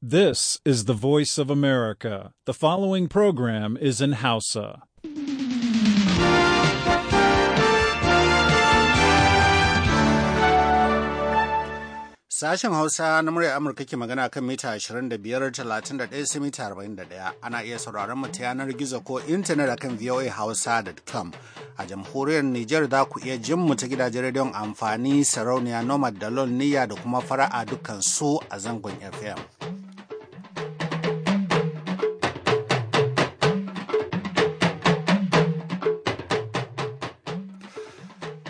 This is the voice of America. The following program is in Hausa. Sashen Hausa na murya Amurka ke magana kan mita 25, 31 sai mita 41. Ana iya sauraron mu ta yanar gizo ko intanet akan voahausa.com. A jamhuriyar Nijar za ku iya jin mu ta gidajen rediyon amfani sarauniya nomad da lol da kuma fara'a dukkan su a zangon FM.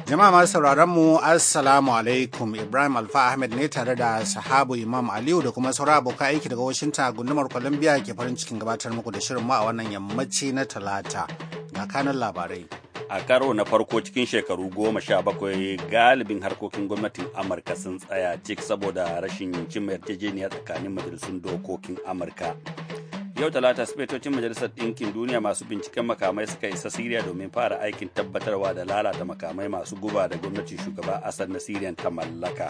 Jama'a masu sauraron mu Assalamu alaikum Ibrahim Alfa Ahmed ne tare da sahabu Imam Aliyu da kuma saura abokan aiki daga Washington gundumar Columbia ke farin cikin gabatar muku da shirin mu a wannan yammaci na talata ga kanan labarai. A karo na farko cikin shekaru goma sha bakwai galibin harkokin gwamnatin Amurka sun tsaya cik saboda rashin cin yarjejeniya tsakanin majalisun dokokin Amurka. yau talata sifetocin majalisar ɗinkin duniya masu binciken makamai suka isa siriya domin fara aikin tabbatarwa da lalata makamai masu guba da gwamnatin shugaba asar na siriyan ta mallaka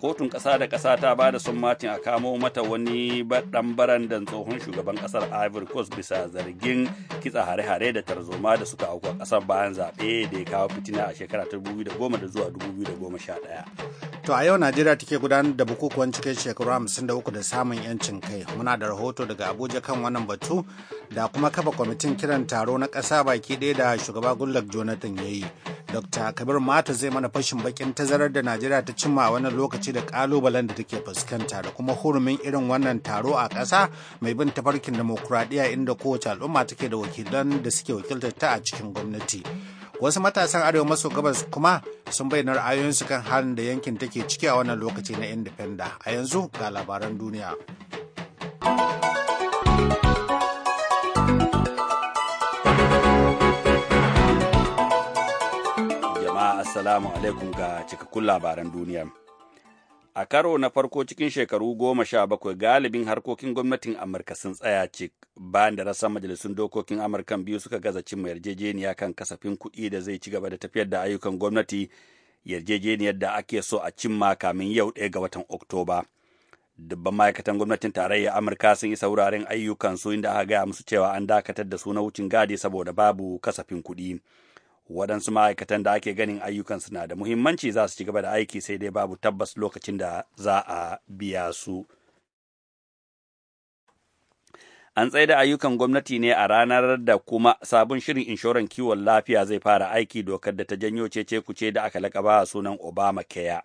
kotun ƙasa da ƙasa ta ba da macin a kamo mata wani ɗan baran da tsohon shugaban ƙasar ivory coast bisa zargin kitsa hare-hare da tarzoma da suka auku a ƙasar bayan zaɓe da ya kawo fitina a shekara ta 2010 a zuwa 2011 To a yau Najeriya take gudanar da bukukuwan cikin shekaru 53 da samun 'yancin kai. Muna da rahoto daga Abuja kan wannan batu da kuma kafa kwamitin kiran taro na ƙasa baki ɗaya da shugaba Goodluck Jonathan ya yi. Dr. Kabir Mata zai mana fashin bakin tazarar da Najeriya ta cimma wannan lokaci da ƙalubalen da take fuskanta da kuma hurumin irin wannan taro a ƙasa mai bin tafarkin demokuraɗiyya inda kowace al'umma take da wakilan da suke wakiltar ta a cikin gwamnati. wasu matasan arewa maso gabas kuma sun bayyana ra'ayoyinsu kan halin da yankin take ciki a wannan lokaci na indifenda a yanzu ga labaran duniya jama'a assalamu alaikum ga cikakkun labaran duniya a karo na farko cikin shekaru goma sha bakwai galibin harkokin gwamnatin amurka sun tsaya cik bayan da rasa majalisun dokokin amurkan biyu suka gaza cimma yarjejeniya kan kasafin kuɗi da zai ci gaba da tafiyar da ayyukan gwamnati yarjejeniyar da ake so a cimma kamin yau ɗaya ga watan oktoba dubban ma'aikatan gwamnatin tarayya amurka sun isa wuraren ayyukansu inda aka gaya musu cewa an dakatar da su na wucin gadi saboda babu kasafin kuɗi waɗansu ma'aikatan da ake ganin ayyukan suna da muhimmanci za su ci gaba da aiki sai dai babu tabbas lokacin da za a biya su an da ayyukan gwamnati ne a ranar da kuma sabon shirin inshoran kiwon lafiya zai fara aiki dokar da ta janyo cece kuce da aka lakaba sunan obama keya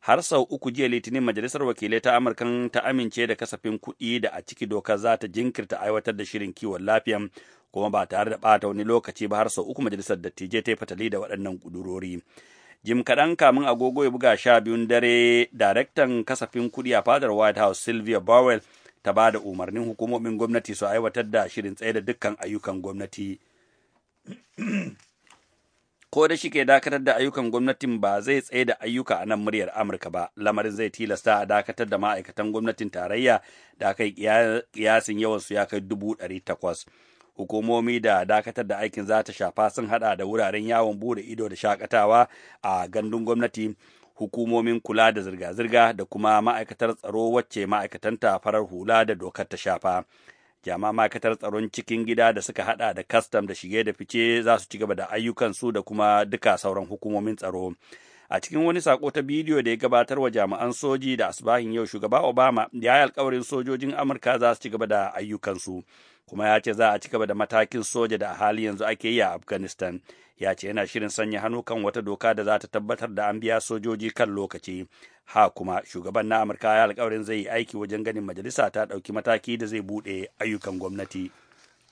har sau uku jiya litinin majalisar wakilai ta amurka ta amince da kasafin kuɗi da a ciki dokar za ta jinkirta aiwatar da shirin kiwon lafiyan kuma ba tare da ɓata wani lokaci ba har sau uku majalisar dattijai ta yi fatali da waɗannan ƙudurori. Jim kaɗan kamin agogo ya buga sha biyun dare, daraktan kasafin kuɗi a fadar White House Sylvia Bowell ta ba da umarnin hukumomin gwamnati su aiwatar da shirin tsaye da dukkan ayyukan gwamnati. Ko da shi ke dakatar da ayyukan gwamnatin ba zai tsaye da ayyuka a nan muryar Amurka ba, lamarin zai tilasta a dakatar da ma'aikatan gwamnatin tarayya da aka yi kiyasin yawansu ya kai dubu ɗari takwas. hukumomi da dakatar da aikin za ta shafa sun hada da wuraren yawon bude ido da shakatawa a gandun gwamnati hukumomin kula da zirga-zirga da kuma ma'aikatar tsaro wacce ma'aikatanta farar hula da dokar ta shafa jama ma'aikatar tsaron cikin gida da suka hada da kastam da shige da fice za su ci gaba da ayyukansu da kuma duka sauran hukumomin tsaro a cikin wani sako ta bidiyo da ya gabatar wa jami'an soji da asibahin yau shugaba obama ya yi alkawarin sojojin amurka za su ci gaba da ayyukansu kuma ya ce za a ci gaba da matakin soja da a hali yanzu ake yi a afghanistan ya ce yana shirin sanya hannu kan wata doka da za ta tabbatar da an biya sojoji kan lokaci ha kuma shugaban na amurka ya alkawarin zai yi aiki wajen ganin majalisa ta ɗauki mataki da zai buɗe ayyukan gwamnati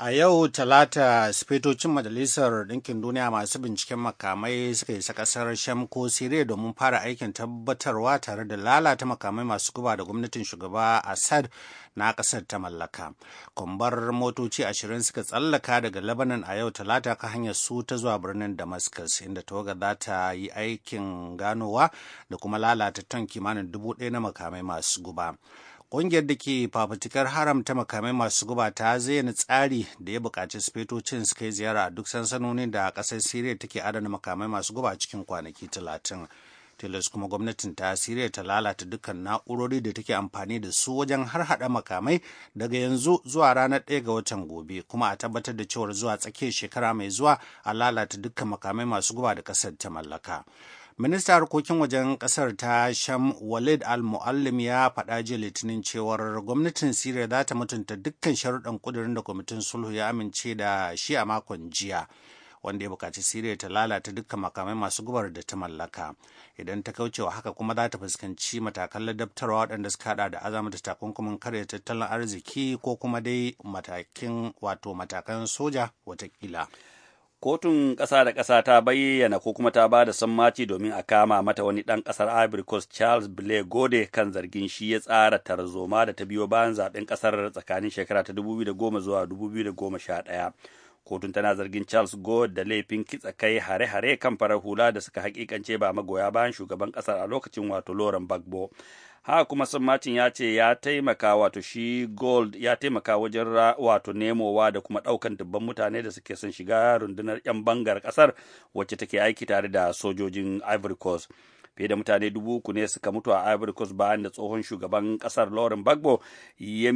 A yau Talata, sifetocin Majalisar Ɗinkin Duniya masu binciken makamai suka isa ƙasar Sham ko Siriya domin fara aikin tabbatarwa tare da lalata makamai masu guba da gwamnatin shugaba Assad na ƙasar ta mallaka. Kwambar motoci ashirin suka tsallaka daga Lebanon a yau Talata ka hanyar su ta zuwa birnin Damascus, inda tawaga za ta yi aikin ganowa da kuma lalata ton kimanin dubu ɗaya na makamai masu guba. Ƙungiyar da ke fafutukar haramta makamai masu guba ta zayyana tsari da ya buƙaci sifetocin su kai ziyara duk sansanonin da ƙasar Siriya take adana makamai masu guba cikin kwanaki talatin. Tilas kuma gwamnatin ta Siriya ta lalata dukkan na'urori da take amfani da su wajen har hada makamai daga yanzu zuwa ranar ɗaya ga watan gobe kuma a tabbatar da cewar zuwa tsakiyar shekara mai zuwa a lalata dukkan makamai masu guba da ƙasar ta mallaka. Minista harkokin wajen kasar ta Sham Walid Al-Muallim ya faɗa jiya Litinin cewar gwamnatin Siriya za ta mutunta dukkan sharuɗan ƙudurin da kwamitin sulhu ya amince da shi a makon jiya. wanda ya bukaci Siriya ta lalata dukkan makamai masu gubar da ta mallaka. Idan ta kaucewa haka kuma za ta fuskanci matakan ladabtarwa waɗanda suka hada da azama ta takunkumin karya tattalin arziki ko kuma dai matakin wato matakan soja watakila. kotun ƙasa da ƙasa ta bayyana ko kuma ta ba da sammaci domin a kama mata wani ɗan ƙasar ivory coast charles blair gode kan zargin shi ya tsara tarzoma da ta biyo bayan zaɓen ƙasar tsakanin shekara ta 2010 zuwa 2011 kotun tana zargin charles gode da laifin kitsa kai hare-hare kan farar hula da suka hakikance ba magoya bayan shugaban ƙasar a lokacin wato lauren bagbo haka kuma san Martin ya ce ya taimaka wato shi gold ya taimaka wajen wato nemowa da kuma ɗaukan dubban mutane da suke son shiga rundunar 'yan bangar ƙasar wacce take aiki tare da sojojin Ivory Coast. fiye da mutane dubu uku ne suka mutu a ivory coast bayan da tsohon shugaban kasar lauren bagbo ya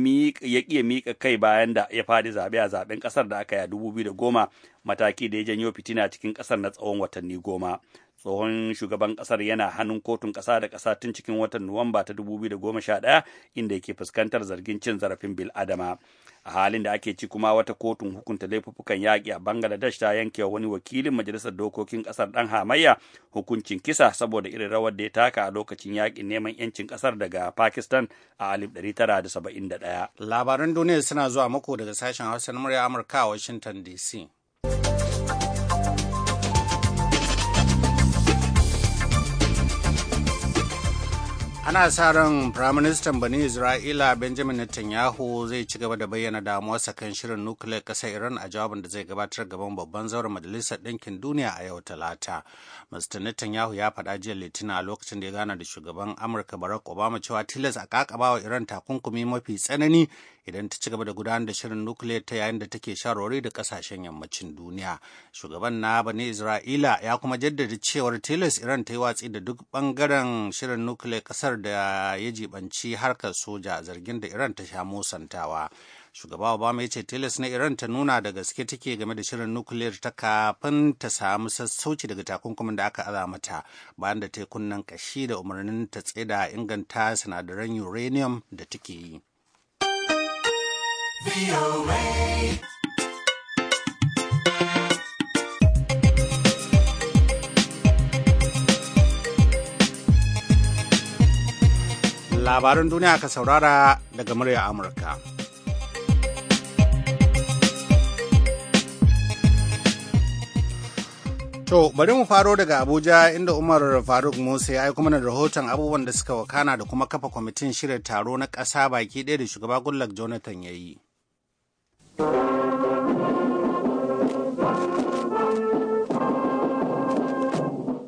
ƙi miƙa kai bayan da ya fadi zaɓe a zaɓen ƙasar da aka yi a dubu biyu da goma mataki da ya janyo fitina cikin kasar na tsawon watanni goma tsohon shugaban ƙasar yana hannun kotun ƙasa da kasa tun cikin watan nuwamba ta 2011 inda yake fuskantar zargin cin zarafin bil adama a halin da ake ci kuma wata kotun hukunta laifukan yaƙi a bangladesh ta yanke wa wani wakilin majalisar dokokin ƙasar ɗan hamayya hukuncin kisa saboda irin rawar da ya taka a lokacin yaƙin neman 'yancin ƙasar daga pakistan a 1971 labaran duniya suna zuwa mako daga sashen hausa na murya amurka a washington dc ana sa ran firaministan bani isra'ila benjamin netanyahu zai ci gaba da bayyana damuwarsa kan shirin nukiliyar kasar iran a jawabin da zai gabatar gaban babban zauren majalisar ɗinkin duniya a yau talata mr netanyahu ya faɗa jiya litinin a lokacin da ya gana da shugaban amurka barack obama cewa tilas a kakaba iran takunkumi mafi tsanani idan ta ci gaba da gudanar da shirin nukiliyar ta yayin da take shawarwari da kasashen yammacin duniya shugaban na bane isra'ila ya kuma jaddada cewar tilas iran ta yi watsi da duk bangaren shirin nukiliyar kasar da ya jibanci harkar soja zargin da iran ta sha musantawa shugaba obama ya ce tilas na iran ta nuna da gaske take game da shirin nukiliyar ta kafin ta samu sassauci daga takunkumin da aka aza mata bayan da ta yi kunnen kashi da umarnin ta tsida inganta sinadaran uranium da take yi labaran duniya ka saurara daga murya Amurka. To, bari mu faro daga Abuja inda Umar Faruk Musa ya yi kuma mana rahoton abubuwan da suka wakana da kuma kafa kwamitin shirya taro na ƙasa baki ɗaya da shugaba Goodluck Jonathan ya yi.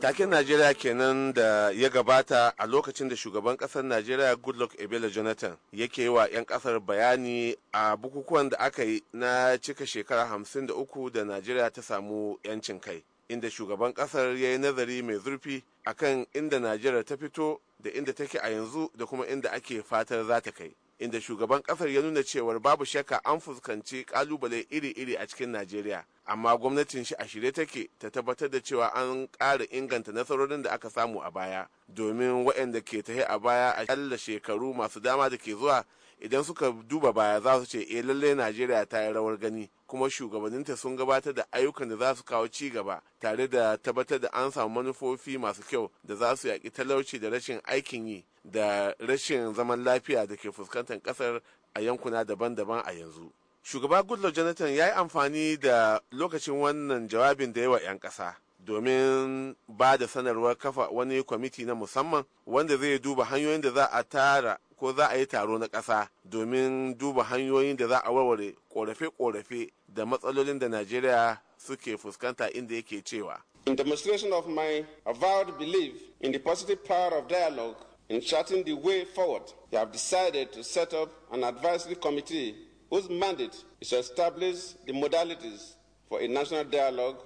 taken najeriya kenan da ya gabata a lokacin da shugaban kasar najeriya goodluck ebele jonathan yake yi wa 'yan kasar bayani a bukukuwan da aka yi na cika shekara 53 da najeriya ta samu 'yancin kai inda shugaban kasar ya yi nazari mai zurfi akan inda najeriya ta fito da inda take a yanzu da kuma inda ake fatar za ta kai inda shugaban kasar ya nuna cewar babu shakka an fuskanci kalubale iri-iri a cikin najeriya amma gwamnatin shi a shirye take ta tabbatar da cewa an ƙara inganta nasarorin da aka samu a baya domin waɗanda ke tahe a baya a shekaru masu dama da ke zuwa idan suka duba baya za su ce eh lallai najeriya ta yi rawar gani kuma shugabanninta sun gabatar da ayyukan da za su kawo ci gaba tare da tabbatar da an samu manufofi masu kyau da za su yaƙi talauci da rashin aikin yi da rashin zaman lafiya da ke fuskantar ƙasar a yankuna daban-daban a yanzu shugaba goodluck jonathan ya yi amfani da lokacin wannan jawabin da yawa 'yan ƙasa domin ba da sanarwar kafa wani kwamiti na musamman wanda zai duba hanyoyin da za a tara ko za a yi taro na ƙasa domin duba hanyoyin da za a warware ƙorafe-ƙorafe da matsalolin da Najeriya suke fuskanta inda yake cewa. In demonstration of my avowed belief in the positive power of dialogue in charting the way forward, I have decided to set up an advisory committee whose mandate is to establish the modalities for a national dialogue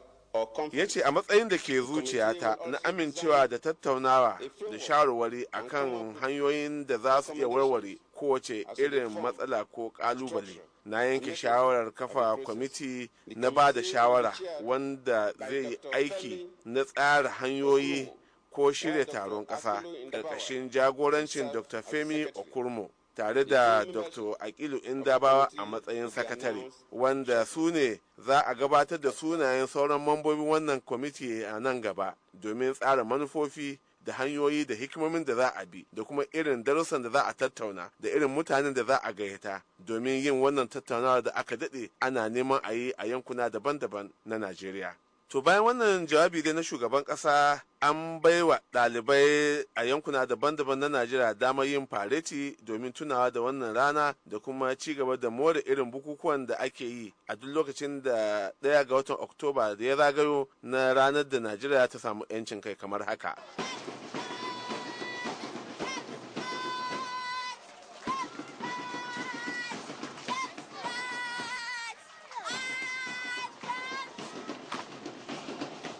ya ce a matsayin da ke zuciyata na amincewa da tattaunawa da shawarwari kan hanyoyin da za su iya warware kowace irin matsala ko kalubale na yanke shawarar kafa kwamiti na ba da shawara wanda zai yi aiki na tsara hanyoyi ko shirya taron ƙasa ƙarƙashin jagorancin dr femi okurmo tare da dr akilu indabawa a matsayin sakatare wanda su ne za a gabatar da sunayen sauran mambobin wannan kwamiti a nan gaba domin tsara manufofi da hanyoyi da hikimomin da za a bi da kuma irin darussan da za a tattauna da irin mutanen da za a gayyata domin yin wannan tattaunawa da aka daɗe ana neman a yi a yankuna daban-daban na najeriya To bayan wannan jawabi dai na shugaban ƙasa an baiwa ɗalibai a yankuna daban-daban na Najeriya damar yin fareti domin tunawa da wannan rana da kuma ci gaba da more irin bukukuwan da ake yi a duk lokacin da ɗaya ga watan Oktoba da ya zagayo na ranar da Najeriya ta samu 'yancin kai kamar haka.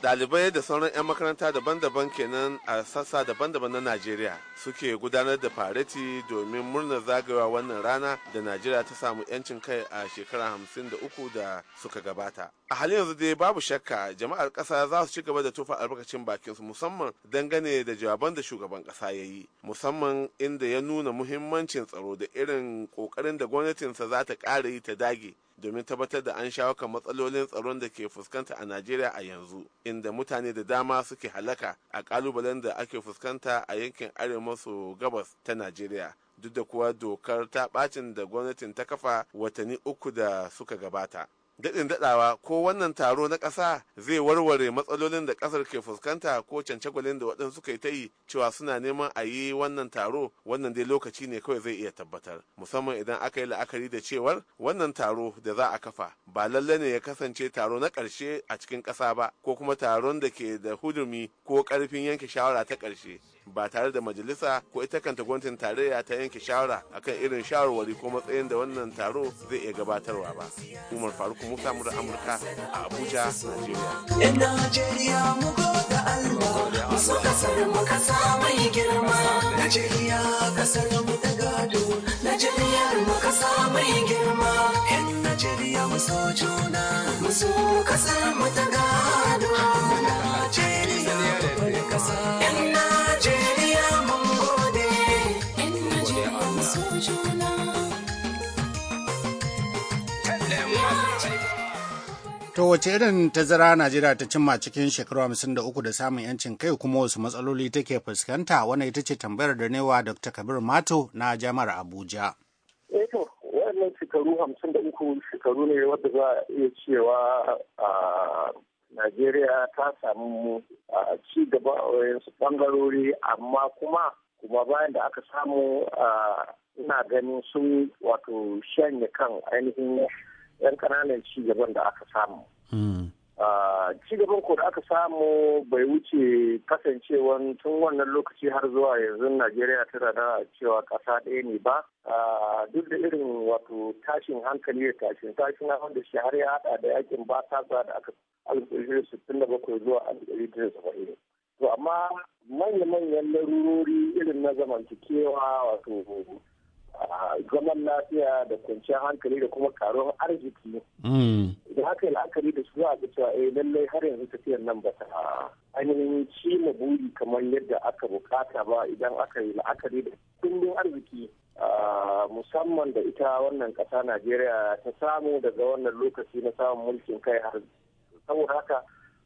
dalibai da sauran 'yan makaranta daban-daban kenan a sassa daban-daban na Najeriya suke gudanar da fareti domin murnar zagayowa wannan rana da Najeriya ta samu 'yancin kai a shekara hamsin da uku da suka gabata. A halin yanzu dai babu shakka jama'ar kasa za su ci gaba da tufa albarkacin bakinsu musamman dangane da jawaban da shugaban kasa ya yi musamman inda ya nuna muhimmancin tsaro da irin kokarin da gwamnatinsa za ta ƙara yi ta dage domin tabbatar da an shawo kan matsalolin tsaron da ke fuskanta a Najeriya a yanzu, inda mutane da dama suke halaka a kalubalen da ake fuskanta a yankin arewa maso gabas ta Najeriya. Duk da kuwa dokar ta bacin da gwamnatin ta kafa watanni uku da suka gabata. daɗin daɗawa ko wannan taro na ƙasa zai warware matsalolin da ƙasar ke fuskanta ko cancagwalin da waɗansu suka yi ta yi cewa suna neman a yi wannan taro wannan dai lokaci ne kawai zai iya tabbatar musamman idan aka yi la'akari da cewar wannan taro da za a kafa ba lalle ne ya kasance taro na ƙarshe a cikin ƙasa ba ko kuma taron da ke da hudumi ko ƙarfin yanke shawara ta ƙarshe ba tare da majalisa ko ita kanta gwamnatin tarayya ta yanke shawara akan irin shawarwari ko matsayin da wannan taro zai iya gabatarwa ba umar faruk musa mura amurka a abuja najeriya Najeriyar mu girma, ‘yan Najeriya mu kasa. To wace irin tazara Najeriya ta cimma cikin shekaru hamsin da samun yancin kai kuma wasu matsaloli take fuskanta wannan ita ce tambayar da newa Dr. Kabir Mato na Jami'ar Abuja. Eh to shekaru hamsin da uku shekaru ne wadda za a iya cewa a Najeriya ta samu ci gaba a wayansu bangarori amma kuma kuma bayan da aka samu ina ganin sun wato shanye kan ainihin 'yan ƙananan cigaban da aka samu. Hmm. Cigaban ko da aka samu bai wuce kasancewan tun wannan lokaci har zuwa yanzu Najeriya tana da cewa ƙasa ɗaya ne ba. Duk da irin wato tashin hankali da tashin tashin wanda shi har ya haɗa da yakin ba ta da aka alif da sittin da bakwai zuwa alif da saba'in. To amma manya-manyan larurori irin na zamantakewa wato zaman lafiya da kwanciyar hankali da kuma karuwar arziki mm. idan haka yi la'akari da su za a ga cewa eh lallai har yanzu tafiyar nan ba ta ainihin ma buri kamar yadda aka bukata ba idan aka yi la'akari da kundin arziki musamman da ita wannan ƙasa najeriya ta samu daga wannan lokaci na samun mulkin kai har saboda haka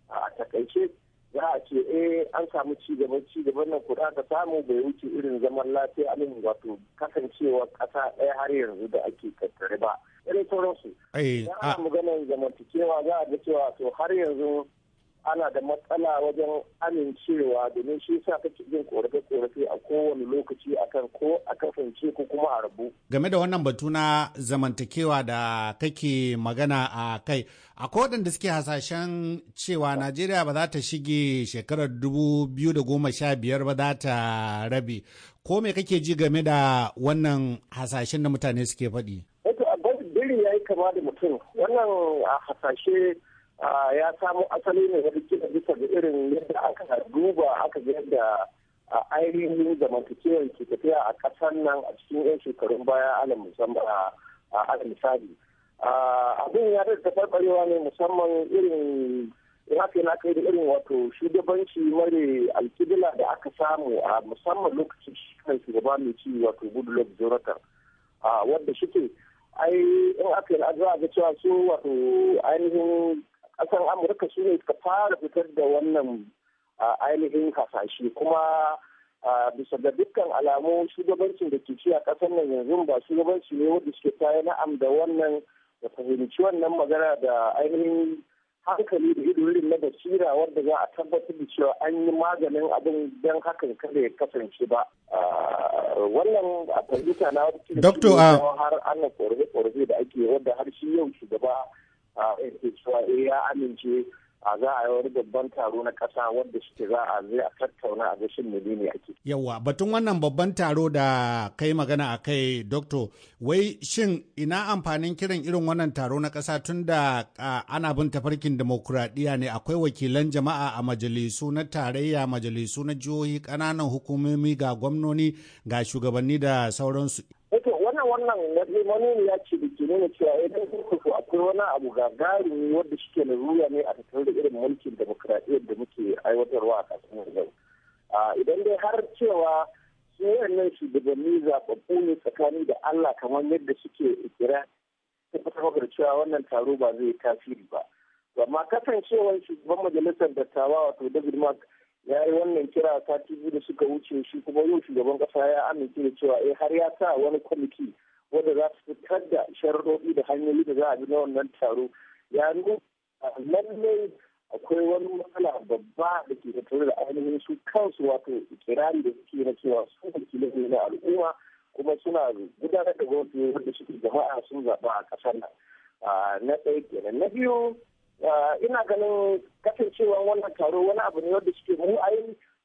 a takaice za a ce eh an samu ci gaba ci nan kuɗa aka samu bai wuce irin zaman lafiya ne wato kasancewa ƙasa ɗaya har yanzu da ake tattare ba irin sauransu eh, za a maganar zamantakewa za a ga cewa to har yanzu ana da matsala wajen amincewa domin shi sa kake jin korafe-korafe a kowane lokaci akan ko a kasance ko kuma a rabu. Game da wannan batu na zamantakewa da kake magana a kai, a waɗanda suke hasashen cewa Najeriya ba za ta shige shekarar biyar ba za ta rabe. Ko me kake ji game da wannan hasashen da mutane suke faɗi? Wato, abin ya yi kama da mutum. Wannan hasashe ya samo asali ne wani kila bisa da irin yadda aka duba aka ga yadda ainihin zamantakewar ke tafiya a ƙasar nan a cikin 'yan shekarun baya Alam musamman a misali abin ya da tafarbarewa ne musamman irin ya na kai da irin wato shugabanci mare alkidila da aka samu a musamman lokacin su shugaba mai ci wato goodluck jonathan wadda shi ai in aka yi za a ga cewa su wato ainihin kasar amurka su ne suka fara fitar da wannan ainihin hasashe kuma bisa ga dukkan alamu shugabancin da ke ci a kasar nan yanzu ba shugabanci ne wanda suke ta na'am da wannan da fahimci wannan magana da ainihin hankali da irin na basira wanda za a tabbatar da cewa an yi maganin abin don hakan kada ya kasance ba wannan a fahimta na wata har ana korafe-korafe da ake wadda har shi yau shugaba a eh, ya amince a za a yi wani babban taro na kasa wanda suke za a zai a tattauna a gashin menene ake. Yawwa batun wannan babban taro da kai magana a kai doktor wai shin ina amfanin kiran irin wannan taro na ƙasa tun da ana bin tafarkin demokuraɗiyya ne akwai wakilan jama'a a majalisu na tarayya majalisu na jihohi ƙananan hukumomi ga gwamnoni ga shugabanni da sauransu. Eh, wannan wannan ya ce da ke nuna cewa idan eh, akwai wani abu ne wanda shi ke ruwa ne a tattare da irin mulkin demokuraɗiyyar da muke aiwatarwa a ƙasar yau idan dai har cewa su wayannan shugabanni zaɓaɓɓu ne tsakani da allah kamar yadda suke ikira tabbatar da cewa wannan taro ba zai tasiri ba amma kasancewar shugaban majalisar dattawa wato david mark ya yi wannan kira sati biyu da suka wuce shi kuma yau shugaban kasa ya amince da cewa eh har ya sa wani kwamiti wadda za su fitar da sharuɗoɗi da hanyoyi da za a bi na wannan taro ya nuna lallai akwai wani matsala babba da ke tattare da ainihin su kansu wato kirari da suke na cewa su wakilai ne na al'umma kuma suna gudanar da gwamnati wanda suke jama'a sun zaɓa a ƙasar nan na ɗaya kenan na biyu ina ganin kasancewa wannan taro wani abu ne wanda suke mu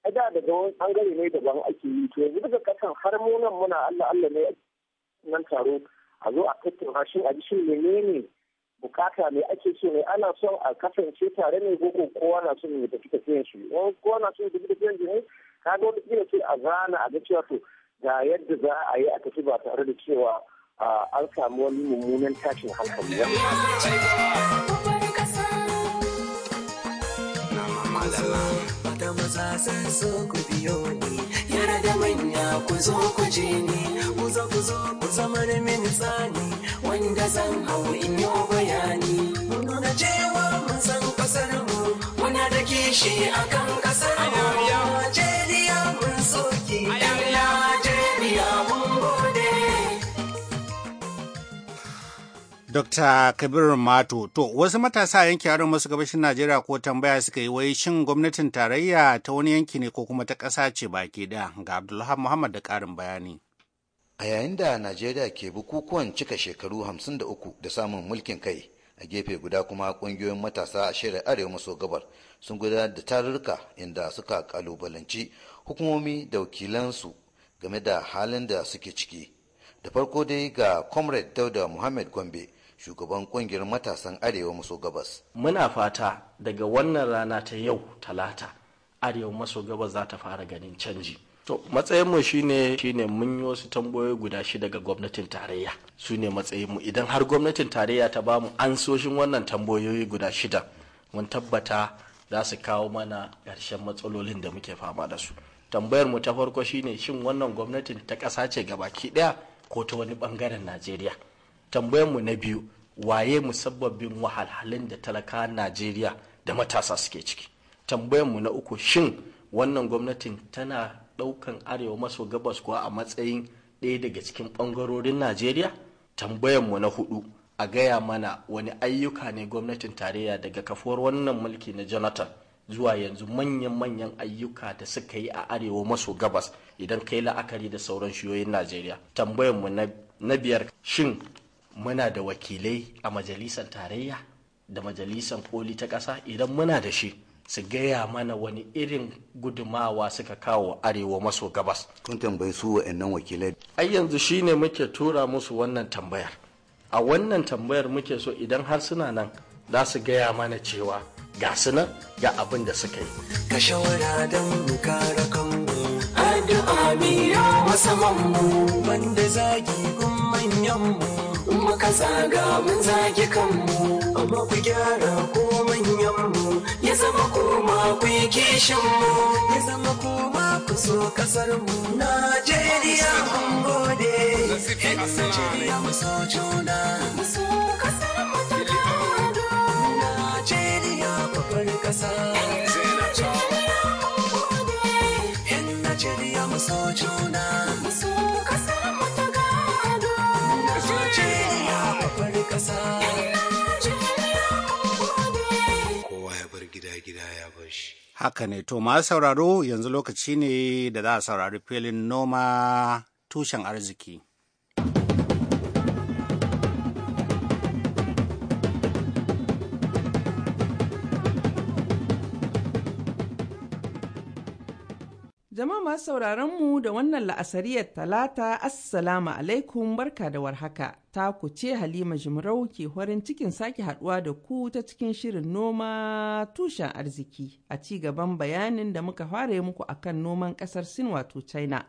a da daga wani bangare ne daban ake yi to yanzu daga kasan har munan muna Allah Allah ne nan taro a zo a tattauna shi a mene menene bukata ne ake so ne ana son a kasance tare ne ko kowa na son ya tafi tafiyan shi kowa na son ya tafi tafiyan shi ne ka ga wani kila ce a zana a ga cewa to ga yadda za a yi a tafi ba tare da cewa an samu wani mummunan tashin hankali ba. you. da maza san so ku biyo ni yara da manya ku zo ku je ni ku zo ku zo ku zama da mini tsani wanda zan hau in yi bayani mun nuna cewa mun san kasar mu muna da kishi akan Dr. Kabir Mato, to wasu matasa yanki aron masu gabashin Najeriya ko tambaya suka yi wai shin gwamnatin tarayya ta wani yanki ne ko kuma ta ƙasa ce baki ɗaya ga Abdullahi Muhammad da ƙarin bayani. A yayin da Najeriya ke bukukuwan cika shekaru hamsin da uku da samun mulkin kai, a gefe guda kuma ƙungiyoyin matasa a shirin arewa maso gabar sun gudanar da tarurruka inda suka kalubalanci hukumomi da wakilansu game da halin da suke ciki da farko dai ga comrade dauda muhammad gombe shugaban kungiyar matasan arewa maso gabas muna fata daga wannan rana ta yau talata arewa maso gabas za ta fara ganin canji to matsayinmu shine shine mun yi wasu tambayoyi guda shida ga gwamnatin tarayya su ne matsayinmu idan har gwamnatin tarayya ta bamu ansoshin wannan tambayoyi guda shida mun tabbata za su kawo mana ƙarshen matsalolin da muke fama da su tambayar mu ta farko shine shin wannan gwamnatin ta ƙasa ce gabaki ɗaya ko ta wani ɓangaren najeriya tambayanmu na biyu waye musabbabin wahalhalun da talaka najeriya da matasa suke ciki tambayanmu na uku shin wannan gwamnatin tana ɗaukan arewa maso gabas kuwa a matsayin ɗaya daga cikin ɓangarorin najeriya tambayarmu na hudu a gaya mana wani ayyuka ne gwamnatin tarayya daga kafuwar wannan mulki na jonathan zuwa yanzu manyan-manyan ayyuka da suka yi a arewa maso gabas idan kai la'akari da sauran shiyoyin najeriya tambayanmu na biyar shin muna da wakilai a majalisar tarayya da majalisar koli ta ƙasa idan muna da shi su gaya mana wani irin gudumawa suka kawo arewa maso gabas. Kun tambayi su wa'annan wakilai. Ai yanzu shi ne muke tura musu wannan tambayar. A wannan tambayar muke so idan har suna nan za su gaya mana cewa ga su ga abin da suka yi. Ka shawara don kare addu'a miya wasa mu wanda zagi gun manyan mu Mu ka zaga mun zagi kanmu amma ku gyara ko manyan mu ya zama koma ku yi kishin mu ya zama koma ku so kasar mu Najeriya mun gode Najeriya mu so juna Haka ne, to masu sauraro yanzu lokaci ne da za a saurari filin noma tushen arziki. Jama'a masu sauraron mu da wannan la'asariyar talata assalamu alaikum barka da warhaka ta ku ce Halima Jimrau ke horin cikin sake haduwa da ku ta cikin shirin noma tushen arziki a ci gaban bayanin da muka fara muku akan noman kasar Sin wato China.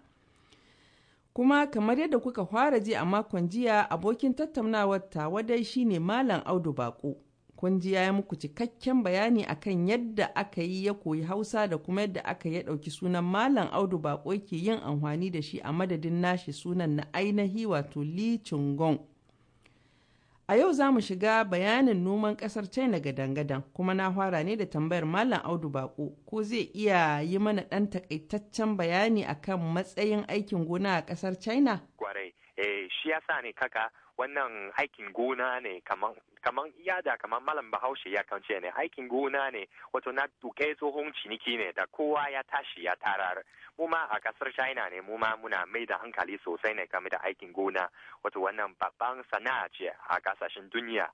Kuma kamar yadda kuka fara ji a makon jiya abokin tattaunawar ta wadai shine Malam Audu Bako. kun ji ya muku cikakken bayani akan yadda aka yi ya koyi hausa da kuma yadda aka ya ɗauki sunan malam audu bako ke yin amfani da shi a madadin nashi sunan na ainihi wato li chungong a yau za mu shiga bayanin noman ƙasar china gadan-gadan kuma na fara ne da tambayar malam audu bako ko zai iya yi mana ɗan takaitaccen bayani akan matsayin aikin gona a ƙasar china eh shi yasa ne kaka wannan aikin gona ne kaman iya yada kaman malam bahaushe ya kance ne aikin gona ne wato na duke tsohon ciniki ne da kowa ya tashi ya tarar mu ma a kasar china ne mu ma muna mai da hankali sosai ne game da aikin gona wato wannan babban sana'a ce a kasashen duniya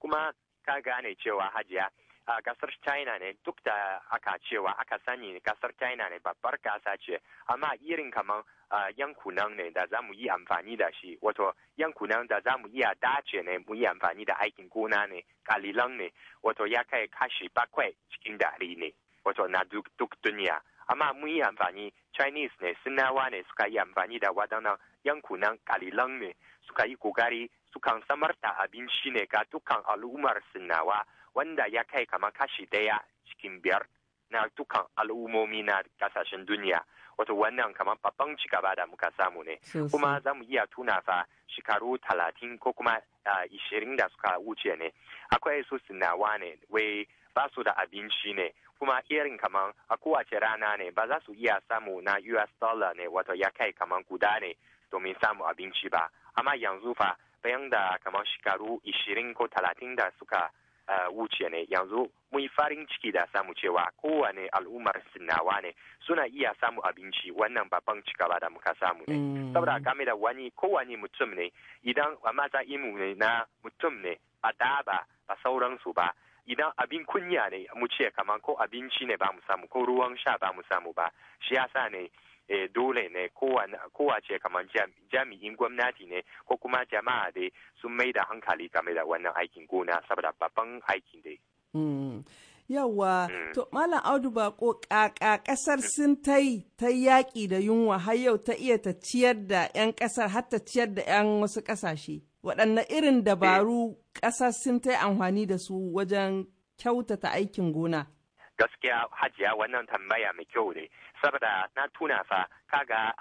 kuma ka gane cewa hajiya a kasar china ne duk da aka cewa aka sani kasar china ne babbar kasa ce amma irin kaman a yankunan ne da za mu yi amfani da shi wato yankunan da za mu iya dace ne mu yi amfani da aikin gona ne kalilan ne wato ya kai kashi bakwai cikin dari ne wato na duk, duniya amma mu yi amfani chinese ne sinawa ne suka yi amfani da wadannan yankunan kalilan ne suka yi kokari sukan samar da abinci ne ga dukkan al'ummar sinawa wanda ya kai kamar kashi daya cikin biyar na dukkan al'ummomi na kasashen duniya wato wannan kamar babban cigaba da muka samu ne kuma za mu iya tuna fa shekaru talatin ko kuma ishirin da suka wuce ne akwai su sinawa ne wai ba su da abinci ne kuma irin kamar a kowace rana ne ba za su iya samu na us dollar ne wato ya kai kamar guda ne domin samu abinci ba amma yanzu fa bayan da kamar shekaru ishirin ko talatin da suka Eh, wuce ne yanzu mun yi farin ciki da samu cewa kowane al'ummar sinawa ne suna iya samu abinci wannan babban cigaba da muka samu ne mm. saboda game da wani kowane mutum ne idan a imu ne na mutum ne a daba ba sauransu ba idan abin kunya ne mu ce kamar ko abinci ne ba mu samu ko ruwan sha ba mu samu ba shi yasa ne eh, dole ne kowace kamar jami'in gwamnati ne ko kuma jama'a dai sun mai da hankali game da wannan aikin gona saboda babban aikin dai. Mm. Yawwa, mm. to Malam Audu Bako ƙaƙa ƙasar sun ta yi ta yaƙi da yunwa har yau ta iya ta ciyar da 'yan ƙasar har ta ciyar da 'yan wasu ƙasashe. Waɗanne irin dabaru eh. ƙasar sun ta yi amfani da su wajen kyautata aikin gona? Gaskiya hajiya wannan tambaya mai kyau ne. saboda na tuna fa kaga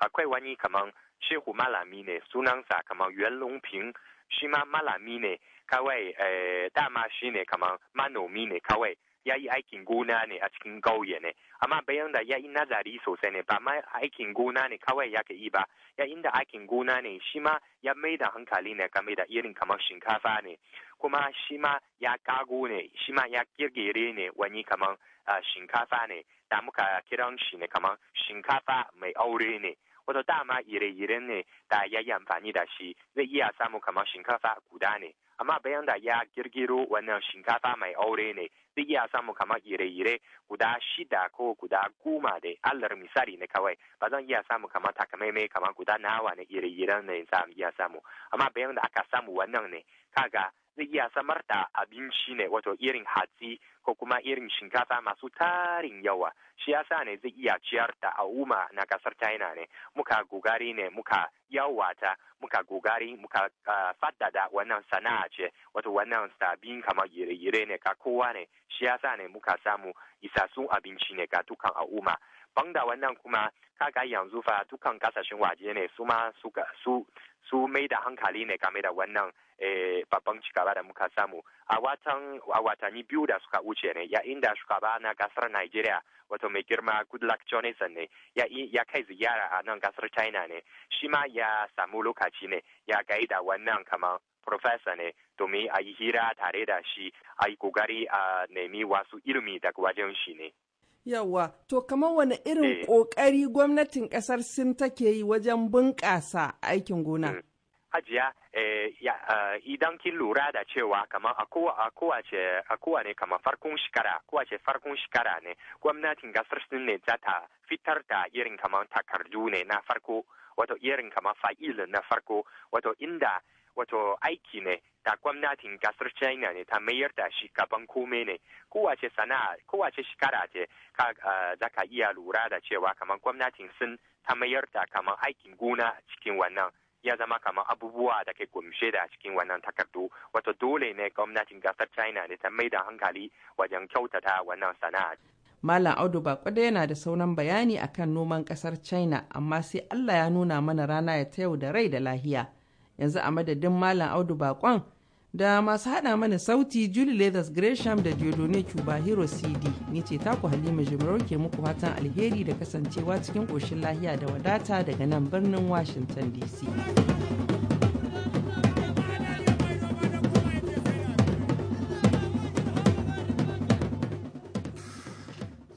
akwai wani kaman shehu malami ne sunansa kaman yuan longping shi ma malami ne kawai eh, dama shi ne kaman manomi ne kawai ya yi aikin gona ne a cikin gauye ne amma bayan da ya yi nazari sosai ne ba ma aikin gona ne kawai ya ka yi ba ya inda aikin gona ne shi ma ya mai da hankali ne game da irin kamar shinkafa ne kuma shi ma ya kago ne shi ma ya girgire ne wani kamar shinkafa ne da muka kiran shi ne kamar shinkafa mai aure ne wato dama ire-ire ne da ya yi amfani da shi zai iya samu kamar shinkafa guda ne amma bayan da ya girgiro wannan shinkafa mai aure ne zai iya samu kamar ire-ire guda shida ko guda goma da allar misali ne kawai ba zan iya samu kamar takamaimai kamar guda nawa ne ire-iren ne zan iya samu amma bayan da aka samu wannan ne kaga zai iya samar da abinci ne wato irin hatsi ko kuma irin shinkafa masu tarin yawa shi yasa ne zai iya ciyar da al'umma na kasar china ne muka gogari ne muka yawata muka gogari muka ah, faddada wannan sana'a ce wato wannan sabin kamar gire-gire ne ka kowa ne shi yasa ne muka samu isassun abinci ne ga dukkan al'umma banda wannan kuma kaga yanzu fa dukkan kasashen waje ne su ma su su mai da hankali ne game da wannan eh, babban cigaba da muka samu a watan a watanni biyu da suka wuce ne ya inda shugaba na kasar Najeriya wato mai girma Goodluck Jonathan ne ya ya kai ziyara a nan kasar China ne shi ma ya samu lokaci ne ya gaida wannan kamar profesa ne domin a yi hira tare da shi a yi kokari a nemi wasu ilimi daga wajen shi ne. Yawwa, to kamar wani irin eh. ƙoƙari gwamnatin ƙasar Sin take yi wajen bunƙasa aikin gona? Mm. Hajiya, eh, eh, idan kin lura da cewa kama a ne kama farkon shekara, kowace farkon shekara ne, gwamnatin ƙasar Sin ne za ta fitar da irin kama takardu ne na farko, wato irin kama fa'ilin na farko, wato inda wato aiki ne da gwamnatin gasar china ne ta mayar da shi gaban kome ne kowace sana'a kowace shekara ce za ka iya lura da cewa kamar gwamnatin sun ta mayar da kamar aikin gona cikin wannan ya zama kamar abubuwa da ke gumshe da cikin wannan takardu wato dole ne gwamnatin gasar china ne ta mai da hankali wajen kyautata wannan sana'a Malam Audu Bakwada yana da sauran bayani akan noman kasar China amma sai Allah ya nuna mana rana ya ta yau da rai da lahiya. yanzu a madadin Malam Audu Bakon da masu haɗa mana sauti Julie Leathers Gresham da Diodone Cuba Hero CD ni ce taku Halima Jimarau ke muku fatan alheri da kasancewa cikin ƙoshin lahiya da wadata daga nan birnin Washington DC.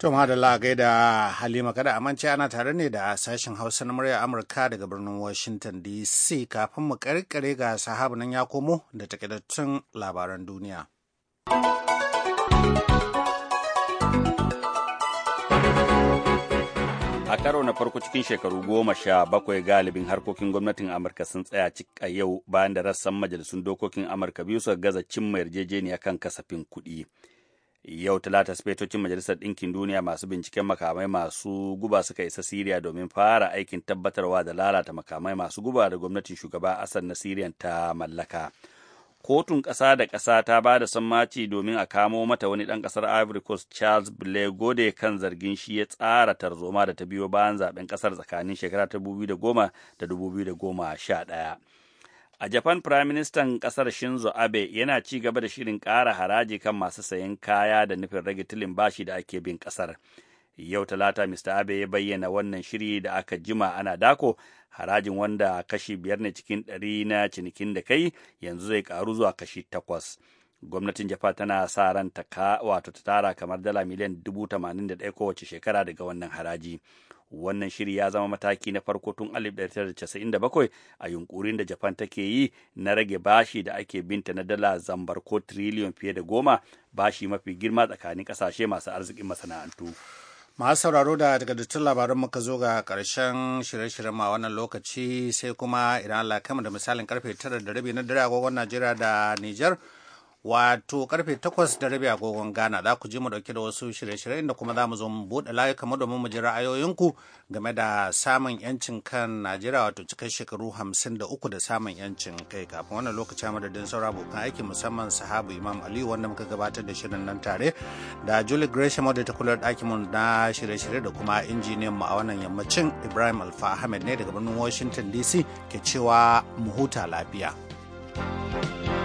To da gaida Halima kada amince ana tare ne da sashen Hausa na murya Amurka daga birnin Washington DC kafin mu karkare ga sahabu nan ya komo da takaitattun labaran duniya. a karo na farko cikin shekaru goma sha bakwai galibin harkokin gwamnatin amurka sun tsaya a yau bayan da rassan majalisun dokokin amurka biyu suka gaza cimma yarjejeniya kan kasafin kuɗi. yau talata spetocin majalisar ɗinkin duniya masu binciken makamai masu guba suka isa siriya domin fara aikin tabbatarwa da lalata makamai masu guba da gwamnatin shugaba asad na siriyan ta mallaka kotun ƙasa da ƙasa ta ba da sammaci domin a kamo mata wani ɗan ƙasar ivory coast charles blair kan zargin shi ya tsara tarzoma da ta biyo bayan zaɓen ƙasar tsakanin shekara ta 2010 da 2011 A Japan, Firaministan ƙasar Shinzo Abe yana ci gaba da shirin ƙara haraji kan masu sayan kaya da nufin rage tilin bashi da ake bin ƙasar. Yau Talata, Mr. Abe ya bayyana wannan shiri da aka jima ana dako, harajin wanda kashi biyar ne cikin ɗari na cinikin da kai yanzu zai ƙaru zuwa kashi takwas. gwamnatin japan tana sa ran ta wato ta tara kamar dala miliyan dubu tamanin da kowace shekara daga wannan haraji wannan shiri ya zama mataki na farko tun 1997 a yunkurin da japan take yi na rage bashi da ake binta na dala zambar ko triliyon fiye da goma bashi mafi girma tsakanin kasashe masu arzikin masana'antu masu sauraro da daga dattin labaran muka zo ga karshen shirye-shiryen ma wannan lokaci sai kuma idan allah kama da misalin karfe tara da rabi na dare agogon najeriya da niger wato karfe takwas da rabi agogon Ghana za ku ji mu dauke da wasu shirye-shirye da kuma za mu zo mu buɗe layuka mu domin mu ji ra'ayoyinku game da samun yancin kan Najeriya wato cikin shekaru hamsin da uku da samun yancin kai kafin wannan lokaci madadin saura abokan aiki musamman sahabu Imam Aliyu wanda muka gabatar da shirin nan tare da Julie Gresham wadda ta kula da mu na shirye-shirye da kuma injiniyan mu a wannan yammacin Ibrahim Alfa Ahmed ne daga birnin Washington DC ke cewa mu huta lafiya. thank you